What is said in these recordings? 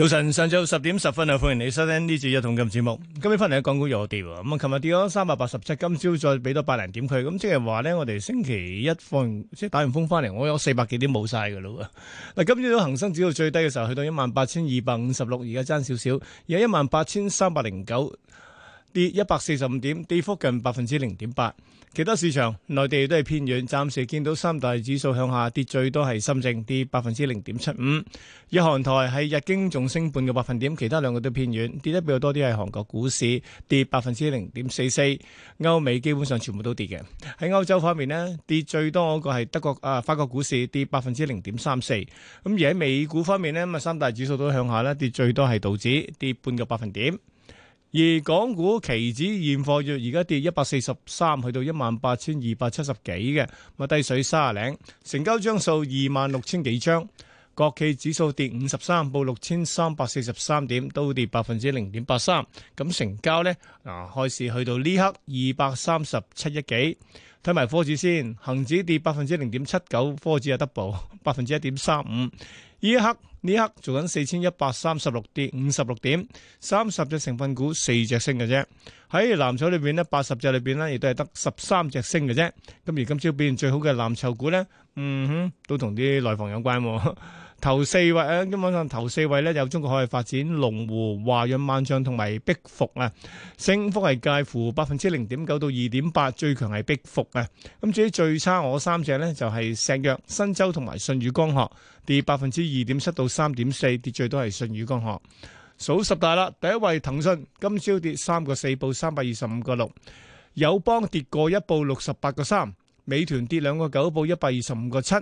早晨，上晝十點十分啊，歡迎你收聽呢次一桶金節目。今日翻嚟啊，港股又跌咁啊，琴日跌咗三百八十七，今朝再俾多百零點佢。咁即係話咧，我哋星期一放，即係打完風翻嚟，我有四百幾點冇晒噶啦。嗱，今朝恒生指數最低嘅時候去到 18, 6, 一萬八千二百五十六，而家爭少少，而家一萬八千三百零九。跌一百四十五點，跌幅近百分之零點八。其他市場內地都係偏軟，暫時見到三大指數向下跌，最多係深證跌百分之零點七五。而韓台喺日經仲升半個百分點，其他兩個都偏軟，跌得比較多啲係韓國股市跌百分之零點四四。歐美基本上全部都跌嘅。喺歐洲方面呢，跌最多嗰個係德國啊，法國股市跌百分之零點三四。咁而喺美股方面呢，咁啊三大指數都向下啦，跌最多係道指跌半個百分點。而港股期指現貨月而家跌一百四十三，去到一萬八千二百七十幾嘅，咪低水三十零，成交張數二萬六千幾張。國企指數跌五十三，報六千三百四十三點，都跌百分之零點八三。咁成交咧，嗱，開市去到呢刻二百三十七億幾。睇埋科指先，恒指跌百分之零點七九，科指又 double 百分之一點三五。呢刻呢刻做緊四千一百三十六跌五十六點，三十隻成分股四隻升嘅啫。喺藍籌裏邊咧，八十隻裏邊咧，亦都係得十三隻升嘅啫。咁而今朝表現最好嘅藍籌股咧，嗯哼，都同啲內房有關。頭四位啊，基本上頭四位咧有中國海外發展、龍湖、華潤萬象同埋碧服。啊，升幅係介乎百分之零點九到二點八，最強係碧服。啊。咁至於最差我三隻呢，就係石藥、新洲、同埋舜宇光學，跌百分之二點七到三點四，跌最多係舜宇光學。數十大啦，第一位騰訊今朝跌三個四報三百二十五個六，友邦跌過一報六十八個三，美團跌兩個九報一百二十五個七。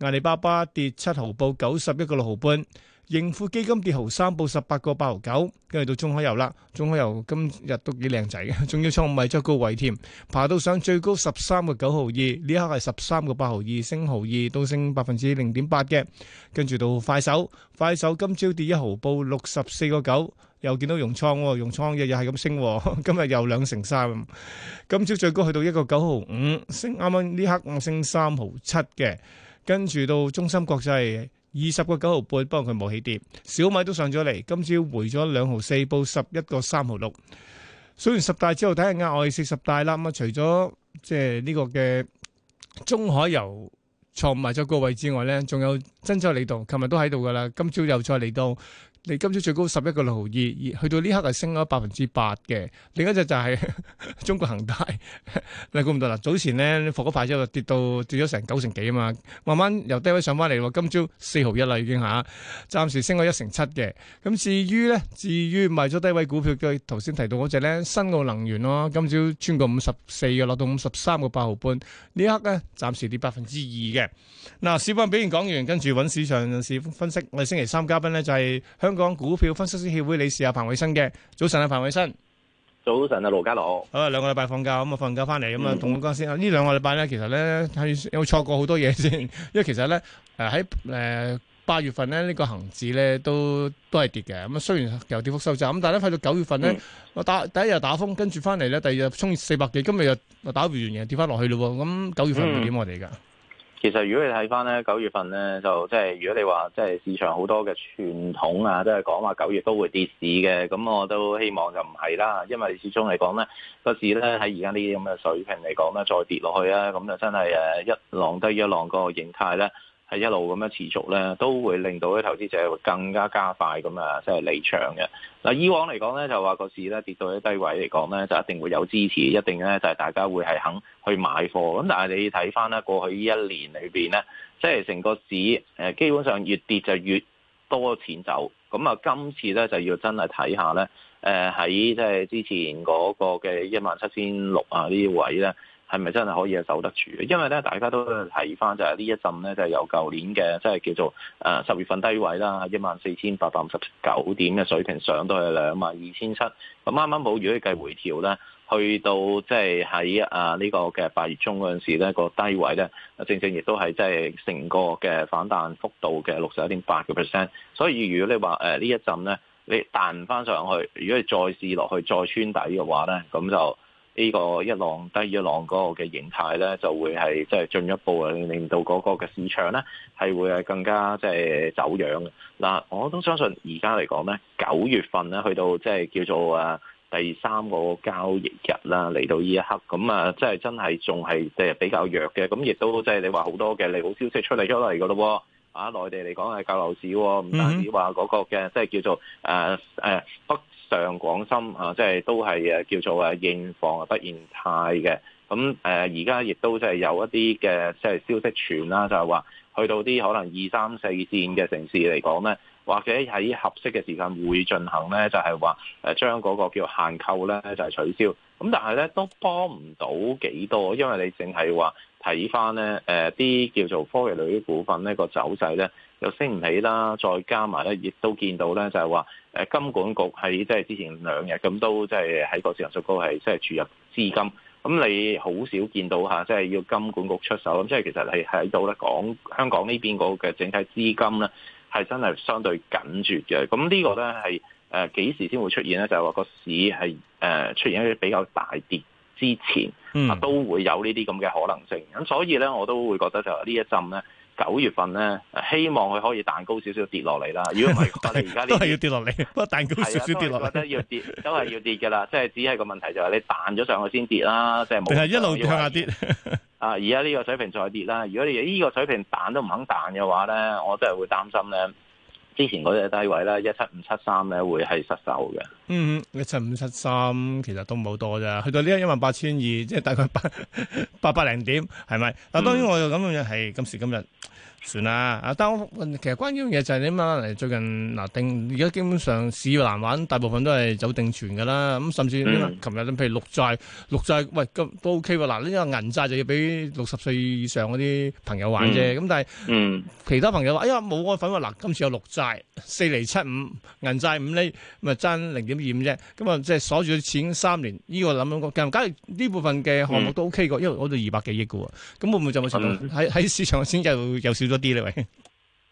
阿里巴巴跌七毫，報九十一個六毫半；盈富基金跌毫三，報十八個八毫九。跟住到中海油啦，中海油今日都幾靚仔嘅，仲要創唔係咗高位添，爬到上最高十三個九毫二，呢刻係十三個八毫二，升毫二都升百分之零點八嘅。跟住到快手，快手今朝跌一毫，報六十四個九，又見到融創、哦，融創日日係咁升、哦，今日又兩成三。今朝最高去到一個九毫五，升啱啱呢刻我升三毫七嘅。跟住到中心國際，二十個九毫半，不過佢冇起跌。小米都上咗嚟，今朝回咗兩毫四，報十一個三毫六。數完十大之後，睇下額外十大啦。咁啊，除咗即係呢個嘅中海油藏埋咗個位之外咧，仲有真州嚟到，琴日都喺度噶啦，今朝又再嚟到。你今朝最高十一個六毫二，而去到呢刻係升咗百分之八嘅。另一隻就係中國恒大，你估唔到啦？早前咧伏嗰塊之後跌到跌咗成九成幾啊嘛，慢慢由低位上翻嚟，喎今朝四毫一啦已經嚇，暫時升咗一成七嘅。咁至於咧，至於賣咗低位股票佢頭先提到嗰隻咧，新奧能源咯，今朝穿過五十四嘅，落到五十三個八毫半，呢刻咧暫時跌百分之二嘅。嗱，市況表現講完，跟住揾市場人士分析。我哋星期三嘉賓咧就係香。香港股票分析師協會理事阿彭偉新嘅。早晨啊彭偉新，早晨啊羅家樂，好啊兩個禮拜放假，咁啊放假翻嚟咁啊同我講先啊，呢兩個禮拜咧其實咧係有錯過好多嘢先，因為其實咧誒喺誒八月份咧呢，這個恒指咧都都係跌嘅，咁啊雖然又跌幅收窄，咁但係咧去到九月份咧，嗯，打第一日打風，跟住翻嚟咧第二日沖四百幾，今日又打完完嘢跌翻落去咯，咁九月份會點我哋噶？嗯其實如果你睇翻咧九月份咧，就即係如果你話即係市場好多嘅傳統啊，都係講話九月都會跌市嘅，咁我都希望就唔係啦，因為始終嚟講咧個市咧喺而家呢啲咁嘅水平嚟講咧，再跌落去啊，咁就真係誒一浪低一浪個形態咧。一路咁樣持續咧，都會令到啲投資者會更加加快咁啊，即係離場嘅。嗱以往嚟講咧，就話個市咧跌到啲低位嚟講咧，就一定會有支持，一定咧就係大家會係肯去買貨。咁但係你睇翻咧過去呢一年裏邊咧，即係成個市誒基本上越跌就越多錢走。咁啊，今次咧就要真係睇下咧，誒喺即係之前嗰個嘅一萬七千六啊呢啲位咧。係咪真係可以係守得住？因為咧，大家都睇翻就係、是、呢一陣咧，就係由舊年嘅即係叫做誒、呃、十月份低位啦，一萬四千八百五十九點嘅水平上到去兩萬二千七。咁啱啱冇如果計回調咧，去到即係喺啊呢個嘅八月中嗰陣時咧，個低位咧，正正亦都係即係成個嘅反彈幅度嘅六十一點八個 percent。所以如果你話誒呢一陣咧你彈翻上去，如果係再試落去再穿底嘅話咧，咁就。呢個一浪低一浪嗰個嘅形態咧，就會係即係進一步啊，令到嗰個嘅市場咧係會係更加即係走樣嘅。嗱，我都相信而家嚟講咧，九月份咧去到即係叫做啊第三個交易日啦，嚟到呢一刻，咁啊即係真係仲係即係比較弱嘅。咁亦都即係你話好多嘅利好消息出嚟出嚟嘅咯喎，啊內地嚟講係救樓市、哦，唔單止話嗰個嘅即係叫做誒誒北。啊上廣深啊，即係都係誒叫做誒認房不認貸嘅。咁誒而家亦都即係有一啲嘅即係消息傳啦，就係話去到啲可能二三四線嘅城市嚟講咧，或者喺合適嘅時間會進行咧，就係話誒將嗰個叫限購咧就係取消。咁但係咧都幫唔到幾多，因為你淨係話睇返咧誒啲叫做科技類啲股份呢個走勢咧又升唔起啦，再加埋咧亦都見到咧就係話。誒金管局係即係之前兩日咁都即係喺個市場最高係即係注入資金，咁你好少見到吓，即係要金管局出手咁，即係其實係喺度咧講香港呢邊嗰個嘅整體資金咧係真係相對緊絀嘅，咁呢個咧係誒幾時先會出現咧？就係話個市係誒、呃、出現一啲比較大跌之前，嗯、啊，都會有呢啲咁嘅可能性，咁所以咧我都會覺得就一陣呢一陣咧。九月份咧，希望佢可以彈高少少跌落嚟啦。如果唔係，我而家呢都係要跌落嚟，不都係要跌， 都係要跌嘅啦。即係只係個問題就係，是，你彈咗上去先跌啦，即係冇一路向下跌者 啊！而家呢個水平再跌啦。如果你呢個水平彈都唔肯彈嘅話咧，我真係會擔心咧，之前嗰隻低位咧一七五七三咧會係失守嘅。嗯，一七五七三，其實都冇多啫，去到呢一萬八千二，即係大概八八百零點，係咪？嗯、但當然我又咁樣嘢，係今時今日算啦。啊，但我其實關於樣嘢就係點啊？最近嗱，定而家基本上市難玩，大部分都係走定存噶啦。咁甚至琴日，譬如綠債、綠債，喂咁都 O K 喎。嗱，呢個銀債就要俾六十歲以上嗰啲朋友玩啫。咁、嗯、但係、嗯、其他朋友話：哎呀，冇安份喎。嗱，今次有綠債四厘七五，銀債五厘，咪爭零咁嚴啫，咁啊、嗯，即係鎖住啲錢三年，呢個諗諗個，咁假如呢部分嘅項目都 O K 過，因為攞到二百幾億嘅喎，咁會唔會就冇錢喺喺市場先又又少咗啲呢？喂，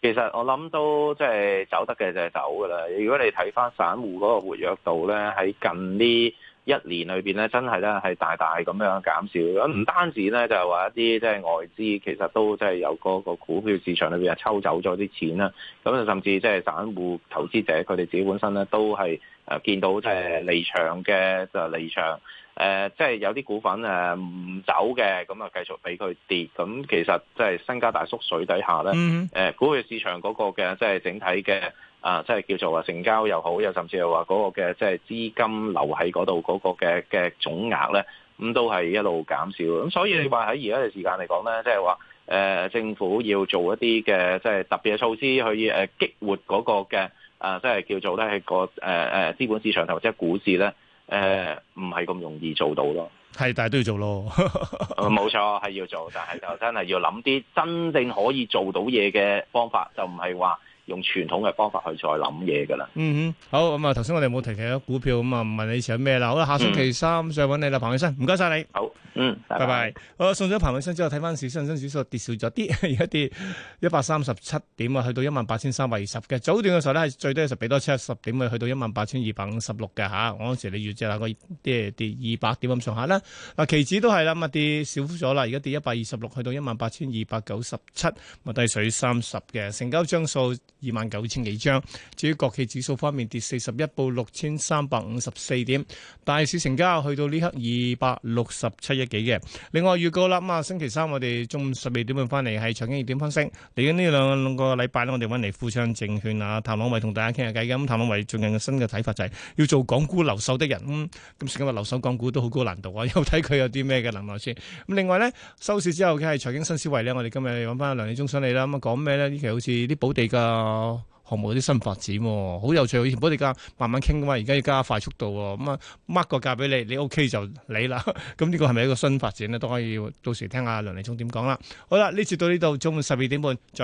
其實我諗都即係走得嘅就係走嘅啦。如果你睇翻散戶嗰個活躍度咧，喺近呢一年裏邊咧，真係咧係大大咁樣減少。咁唔單止咧，就係話一啲即係外資，其實都即係由個個股票市場裏邊啊抽走咗啲錢啦。咁就甚至即係散戶投資者佢哋自己本身咧都係。誒見到即係離場嘅就離場，誒、呃、即係有啲股份誒唔走嘅，咁啊繼續俾佢跌，咁其實即係身家大縮水底下咧，誒、呃、股票市場嗰個嘅即係整體嘅啊、呃，即係叫做話成交又好，又甚至係話嗰個嘅即係資金流喺嗰度嗰個嘅嘅總額咧，咁都係一路減少。咁所以你話喺而家嘅時間嚟講咧，即係話誒政府要做一啲嘅即係特別嘅措施去誒激活嗰個嘅。啊，即係叫做咧，個誒誒資本市場，或者股市咧，誒唔係咁容易做到咯。係，但係都要做咯。冇 錯，係要做，但係就真係要諗啲真正可以做到嘢嘅方法，就唔係話，用傳統嘅方法去再諗嘢㗎啦。嗯嗯，好咁啊，頭先我哋冇提及咗股票，咁啊，問你想咩啦？好啦，下星期三再揾你啦，嗯、彭偉新，唔該晒你。好，嗯，拜拜。拜拜好，送咗彭偉新之後，睇翻市，恒生指數跌少咗啲，而家跌一百三十七點啊，去到一萬八千三百二十嘅。早段嘅時候咧，最低多係十幾多七十點去到一萬八千二百五十六嘅嚇。我嗰時你預計下個即係跌二百點咁上下啦。嗱，期指都係啦，啊跌少咗啦，而家跌一百二十六，去到 18,、啊、200, 一萬八千二百九十七，咪低水三十嘅。成交張數。二萬九千幾張。至於國企指數方面，跌四十一，報六千三百五十四點。大市成交去到呢刻二百六十七億幾嘅。另外預告啦，咁啊星期三我哋中午十二點半翻嚟係財經熱點分析。嚟緊呢兩兩個禮拜咧，我哋揾嚟富昌證券啊，譚朗維同大家傾下偈嘅。咁譚朗維最近嘅新嘅睇法就係要做港股留守的人。咁咁時今日留守港股都好高難度啊，又睇佢有啲咩嘅能力先。咁另外咧收市之後嘅係財經新思維咧，我哋今日揾翻梁業中心你啦。咁啊講咩咧？呢期好似啲保地嘅。啊，項目啲新發展，好有趣。以前我哋家慢慢傾噶嘛，而家要加快速度，咁啊，mark 個價俾你，你 OK 就你啦。咁呢個係咪一個新發展咧？都可以到時聽下梁麗聰點講啦。好啦，呢次到呢度，中午十二點半。